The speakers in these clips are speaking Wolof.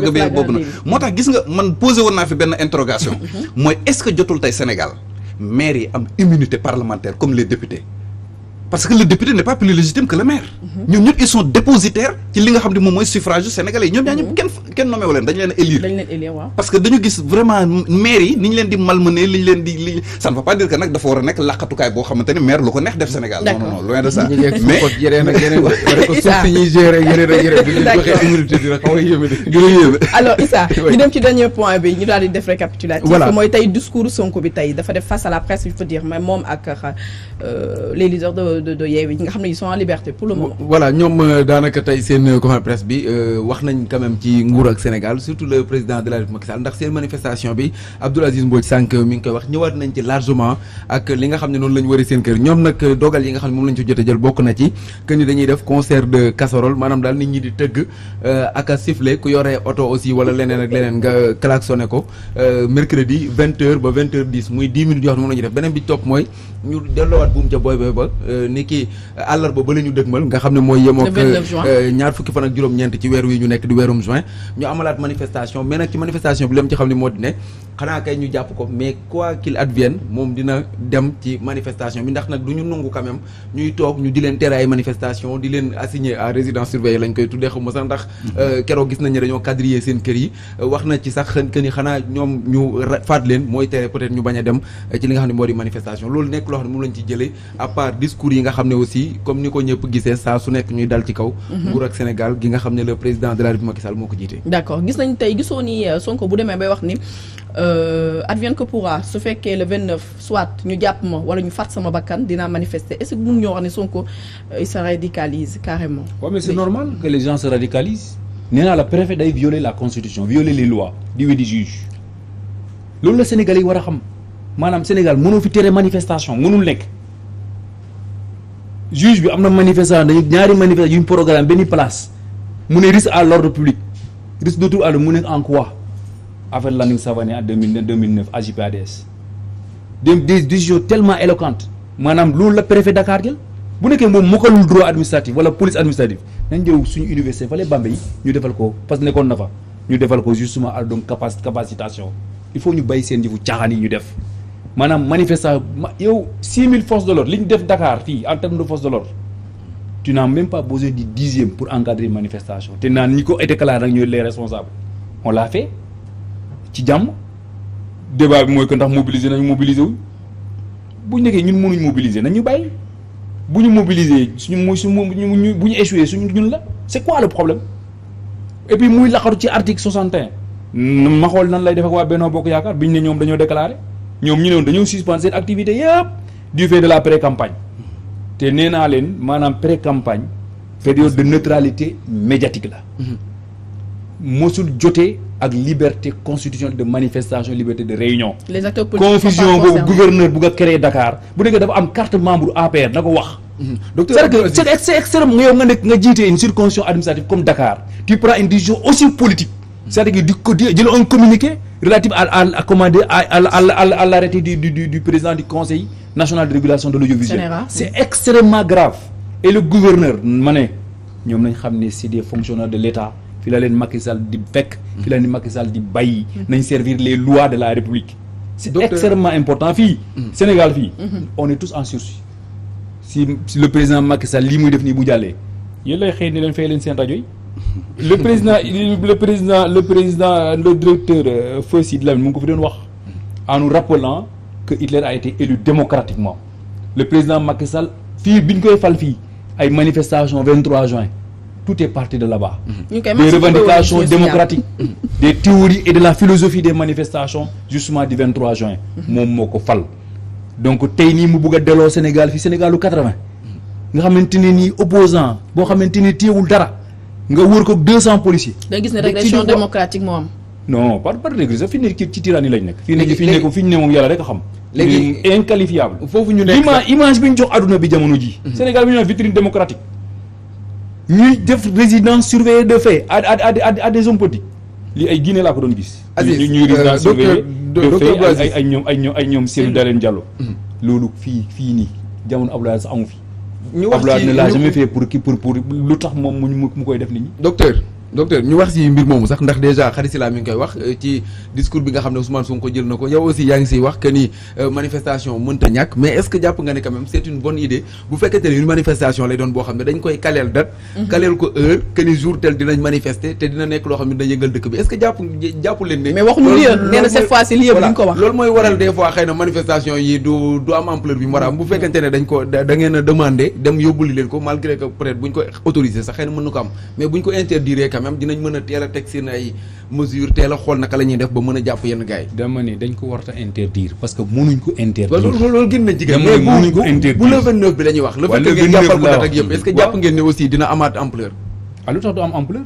vague bee boobu na moo tax gis nga man posé woon naa fi benn interrogation mhm. mooy est-ce que jotul tey Sénégal maire yi am immunité parlementaire comme les députés parce que le député n'est pas plus légitime que le maire. ñoom ñëpp ils sont ci li nga xam ne moom mooy suffrage yu yi ñoom ñaa kenn kenn nommé leen dañu leen a waaw. parce que dañu gis vraiment maire yi ni ñu leen di malmené li ñu leen di li ça ne veut pas dire que nag dafa war a nekk làqatukaay boo xamante ni maire lu ko neex def Sénégal. non mais Issa ñu dem ci dernier point bi ñu daal di def récapitulatif. mooy tey discours Sonko de de de yeewi ñi nga xam ne ils sont liberté pour le moment. voilà ñoom euh, daanaka tey seen euh, conférence presse bi euh, wax nañ quand ci nguur ak Sénégal surtout le président de la République Macky ndax seen manifestation bi Abdoul Aziz Mbodj sànq mi ngi koy wax ñëwaat nañ ci largement ak li nga xam ne noonu la wari seen kër ñoom nag dogal yi nga xam ne moom la ci jot jël bokk na ci que ni dañuy def concert de casserole maanaam daal nit ñi di tëgg ak a ni ki àllarba ba la ñu dëgmal nga xam ne mooy yemook euh, ñaar fukki fan juróom-ñeent ci weer wi ñu nekk di weerum juin ñu amalaat manifestation mais ci manifestation bi lem ci ndax nag du ñu nungu quand même ñuy toog ñu di leen tere ay manifestation di leen assigné à résidence surveillée lañ koy tuddee xamuma sax ndax mm-hmm. euh, keroog gis nañu dañoo quadriller seen kër yi wax na ci sax xën que xanaa ñoom ñu faat leen mooy tere peut-être ñu bañ a dem ci li nga xam ne moo di manifestation loolu nekk loo xam ne moom lañ ci jëlee yi nga xam ne aussi comme ni ko ñëpp gisee saa su nekk ñuy dal ci kaw mhm. nguur ak Sénégal gi nga xam ne le président de la République Macky Sall moo ko jiite d'accord gis nañ tey gisoo ni euh, Sonko bu demee bay wax ni euh, advienne que pourra su fekkee le 29 soit ñu jàpp ma wala ñu faat sama bakkan dinaa manifester est-ce que mun ñoo wax ne Sonko sa euh, se radicalise carrément waaw mais c'est normal que les gens nee naa la préfet day violer la constitution violer les lois loolu la Sénégalais war a xam maanaam Sénégal mënoo fi tere manifestation mënul nekk juge bi am na manifestant dañu ñaari manifestant yuñ programme benn place mu ne risque à l'ordre public risque d'autrui à l'ordre mu ne en quoi affaire Landing Savané à 2009 AJPADS des décisions tellement maanaam loolu la préfet Dakar jël bu nekkee moom mokkalul droit administratif wala police administrative nañ jëw suñu université fale Bambey yi ñu defal ko parce que nekkoon na fa ñu defal ko justement donc capacitation il faut ñu bàyyi seen jëfu caaxaan yi ñu def maanaam manifestation yow mille forces de l'ordre li ñu def Dakar fii en terme de forces de l'ordre tu n'as même pas besoin du dixième pour encadrer manifestation te naan ñi ko éclairé nag ñooy lee responsables on l'a fait ci jàmm débat bi mooy que ndax mobiliser nañu mobiliser wu bu nekkee ñun mënuñ mobiliser nañu bàyyi bu ñu mobiliser suñu muy suñu ñu bu ñu échoué suñu ñun la c'est quoi le problème et puis muy laxaru ci article 61 ma xool nan lay def ak waa Benno Bokk Yaakaar bi biñ ne ñoom dañoo déclaré. ñoom ñu ne woon dañoo suspendre seen activité yëpp du fait de la pré campagne te nee naa leen maanaam pré campagne période de neutralité médiatique la mhm. mosul jotee ak liberté constitutionnelle de manifestation liberté de réunion les acteurs politiques confusion boobu gouverneur bu nga créé Dakar bu nekkee dafa am carte membre APR na ko wax mhm. docteur c'est extrême nga nga nekk nga jiitee une circonscription administrative comme Dakar tu prends une décision aussi politique c'est-à-dire di ko di jël un communiqué relatif à à à commander à à à l'arrêté extrêmement grave. et le gouverneur ma ñoom nañ xam ne c'est des fonctionnaires de l'État fi la leen Macky Sall di fekk. fi la leen Macky Sall di bàyyi. Mm-hmm. nañ servir les lois de la République. c'est extrêmement important fii. Mm-hmm. Sénégal fii. Mm-hmm. on est tous en sursis. si si le président Macky Sall lii muy def nii bu jàllee. yéen lay xëy ni leen fay leen seen rajo le président le président le président le directeur euh, feu Sidy Lamine mu ngi ko fi doon wax en nous rappelant que Hitler a été élu démocratiquement le président Macky Sall fii bi ñu koy fal fii ay manifestation 23 juin tout est parti de la bas mmh. des revendications démocratiques mmh. des théories et de la philosophie des manifestations justement du 23 juin mmh. moom moo ko fal donc tey nii mu bugg a delloo Sénégal fii Sénégal lu 80 nga xamante ne nii opposant boo xamante ni téewul dara nga wër ko 200 policiers. day gis ne régression démocratique moo am. non par par régression fi ne ci tyrannie lañ nekk. léegi fi nekk fi ñu ne moom yàlla a foofu ñu nekk image bi ñu jox àdduna bi jamono ji mhm. Sénégal bi ñu naan vitrine démocratique. ñuy def résidence surveillée de fait à à à à des hommes politiques lii ay Guinée laa ko doon gis. ñuy résidence euh, surveillée de fait ay ñoom ay ñoom ay ñoom Cellou Dalein Diallo. Mhm. loolu fii fii nii jamono la sa amu fi. ñu wax ci Abdoulaye ne laa jamais fait pour ki pour pour lu tax moom mu mu koy def nit ñi. docteur. docteur ñu wax si mbir moomu sax ndax déjà xarit Sylla mi ngi koy wax euh, ci discours bi nga xam ne Ousmane Sonko jël na ko yow aussi yaa ngi siy wax que euh, manifestation mënta ñàkk mais est jàpp nga ne quand même c'est une bonne idée bu fekkente ne une manifestation lay doon boo xam ne dañ koy kaleel date mhm. kaleel ko heure que jour tel dinañ manifester te dina nekk loo xam ne dañ yëngal dëkk bi est-ce que jàpp jàpp leen ne mais waxuñu lieu nee na cette ñu ko am ampleur bi mu war a am bu mhm. fekkente ko a demandé dem yóbbuli leen quand même dinañ mën a teel teg seen ay mesures teel xool naka la ñuy def ba mën a jàpp yenn gars dama ne dañ ko war a interdire parce que mënuñ ko interdire. loolu loolu gën na jigéen mais mënuñ ko interdire bu le 29 bi la ñuy wax. le fait que ngeen jàppal ko date ak yëpp est ce que jàpp ngeen ne aussi dina amaat ampleur. ah lu tax du am ampleur.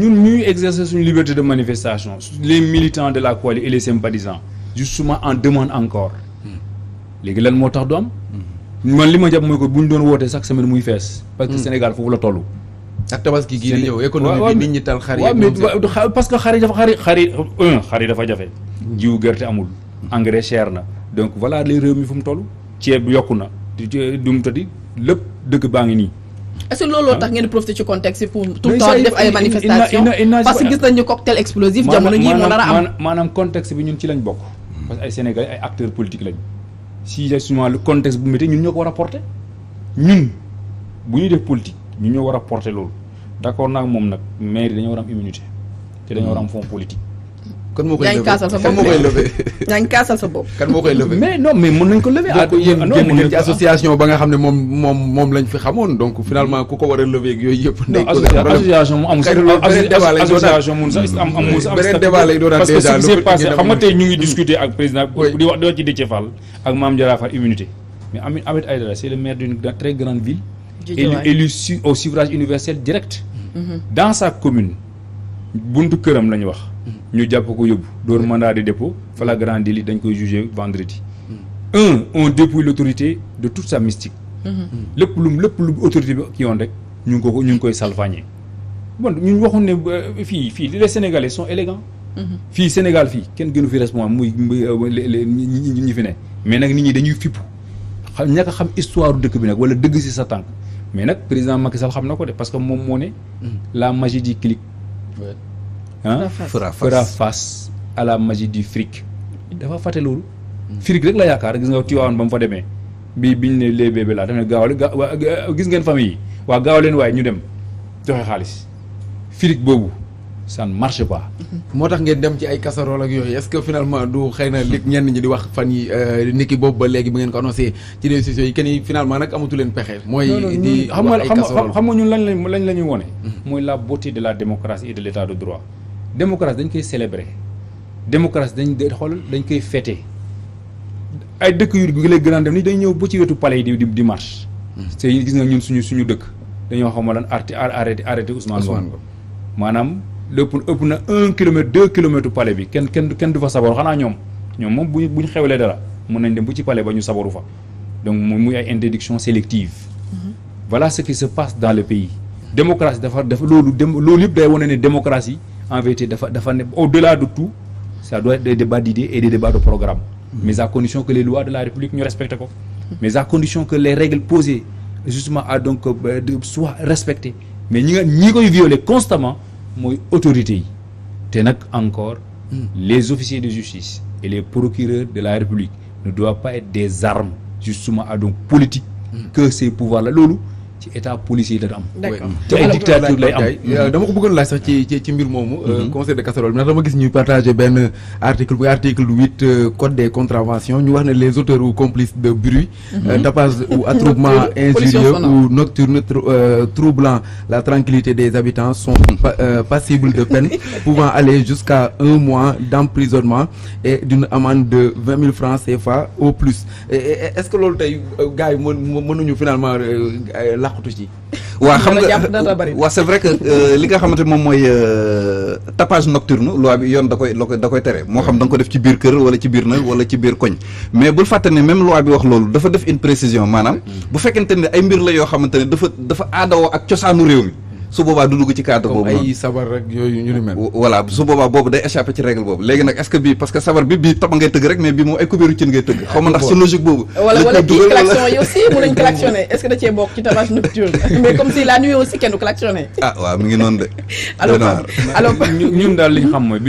ñun ñuy exercer suñu liberté de manifestation les militants de la coalition et les justement en demande encore hmm. léegi lan moo tax du am hmm. man li ma jàpp mooy ko bu ñu doon wootee chaque semaine muy fees parce que hmm. Sénégal foofu la toll ak tabaski gii di parce que xar yi dafa xar yi dafa jafe jiw gerte amul engrais cher na donc voilà les réew mi fu mu toll ceeb yokk na du mu tëddi lépp dëgg baa ngi nii est-ce que looloo tax ngeen profité ci contexte bi pour tout le temps def ay manifestations parce que gis nañu cocktail explosif jamono jii moo nar a am maanaam contexte bi ñun ci lañ bokk parce que ay Sénégalais ay acteurs politiques lañ si justement le contexte bu métti ñun ñoo ko war a porter ñun bu ñu def politique ñu ñoo war a porter loolu d' accord naa moom nag maire yi dañoo war a am immunité te dañoo war a am fonds politique. kan moo koy levé kan moo koy levé yaa ngi kaasal sa bopp kan moo koy levé mais non mais mën nañ ko levé donc ah, yéen génn ngeen ci association ba nga xam ne moom moom moom lañ fi xamoon donc finalement ku ko war a levé ak yooyu yëpp ndey association mu am association mun sax am am mun sax beneen débat lay doon parce que ce qui s'est passé xam nga tey ñu ngi discuter ak président di wax di wax ci Déthié Fall ak Mame Diarra Fam immunité mais Ahmed Aïdara c'est le maire d'une très grande ville élu élu au suffrage universel direct dans sa commune buntu këram la ñu wax ñu jàpp ko yóbbu door mandat de dépôt flagrant délit dañ koy jugé vendredi un on dépouille l'autorité de toute sa mystique lépp lum lépp lu autorité bi yoon rek ñu ngi ko ñu ngi koy salfaañee bon ñun waxoon ne euh, fii fii les sénégalais sont élégants fii Sénégal fii kenn gënu fi responsable muy euh, ñi fi ne mais nag nit ñi dañuy fippu xam ñaka xam histoire dëkk bi nag wala dëgg si sa tànk mais nag président Macky Sall xam na ko de parce que moom moo ne. Hmm. la magie di clic. ah fera face à la magie du fric. dafa fàtte loolu. Hmm. fric rek la yaakaar gis nga Tivaouane ba mu fa demee bi ñu ne les bébés laa daf ne gaaw gis ngeen famille yi waaw gaaw leen waaye ñu dem joxe xaalis fric boobu. ça ne marche pas. Mhm. moo tax ngeen dem ci ay casserole ak yooyu est-ce que finalement du xëy na li ñenn ñi di wax fan yi euh, niki boobu ba léegi bu ngeen ko annoncé ci réseaux sociaux yi kenn yi finalement nag amatu leen pexe. mooy di wax ay casserole xam nga ñun lañ lañ lañ la ñuy wone. Mhm. mooy la beauté de la démocratie et de l'état de droit. démocratie dañ koy célébrer démocratie dañ xool dañ koy fêter ay dëkk yu gi lay gën a dem ni dañ ñëw ba ci wetu palais yi di di marche. Mhm. te gis nga suñu suñu dëkk dañoo xam lan arrêté arrêté Ousmane Sonko maanaam. lépp ëpp na un kilomètre deux kilomètres bi kenn kenn du fa sabaru xanaa ñoom ñoom moom bu buñ xewlee dara mën nañ dem bu ci palais ba ñu sabaru fa donc muy ay interdiction sélective mhm. voilà ce qui se passe dans le loolu dem loolu yëpp day wane ne démocratie en vérité dafa dafa ne au delà de tout ça doit être des débats et des débats de programme mhm. mais à condition que les la république ñu respecte ko mhm. mais à condition que les règles posées justement à donc euh, soient respectées mais ñi nga ñi koy violer constamment mooy autorité yi te nag encore hmm. les officiers de justice et les procureurs de la République ne doivent pas être des armes justement à donc politique hmm. que ces pouvoirs là loolu ci état policier la am. Euh, dama ko bëggoon laaj sax ci mbir moomu. Euh, mhm. concert de casserole bi ndax dama gis ñuy partagé benn article bu article huit euh, code des contraventions ñu wax ne les auteurs ou complices de bruit. Mhm. tapage ou attroupement injurieux ou nocturne troublant la tranquillité des habitants sont mhm. passibles de peine pouvant aller jusqu'à un mois d'emprisonnement et d'une amende de vingt CFA au plus est-ce que loolu tey gars yi mënuñu finalement. làqutu ji waa xam nga waa c'est vrai que euh, li nga xamante moom mooy euh, tapage nocturne loi bi yoon da koy da koy tere moo xam da nga ko def ci biir kër wala ci biir na wala ci biir koñ mais bul fàtte ne même loi bi wax loolu dafa def une précision maanaam mm. bu fekkente ne ay mbir la yoo xamante ne dafa dafa aadawoo ak cosaanu réew mi su boobaa du dugg ci cadre boobu noonu ay su boobaa boobu day échappé ci règle boobu léegi nag est-ce que bii parce que sabar bi bii taba ngay tëgg rek mais bii moom ay kubéeru cin ngay tëgg xaw ma ndax ci logique boobu wala wala kii klaxon yi aussi mën nañ klaxonné est que da cee bokk ci tabage nocturne mais comme si la nuit aussi kenn du klaxonné ah waaw mi ngi noonu de alors alors ñun daal li xam mooy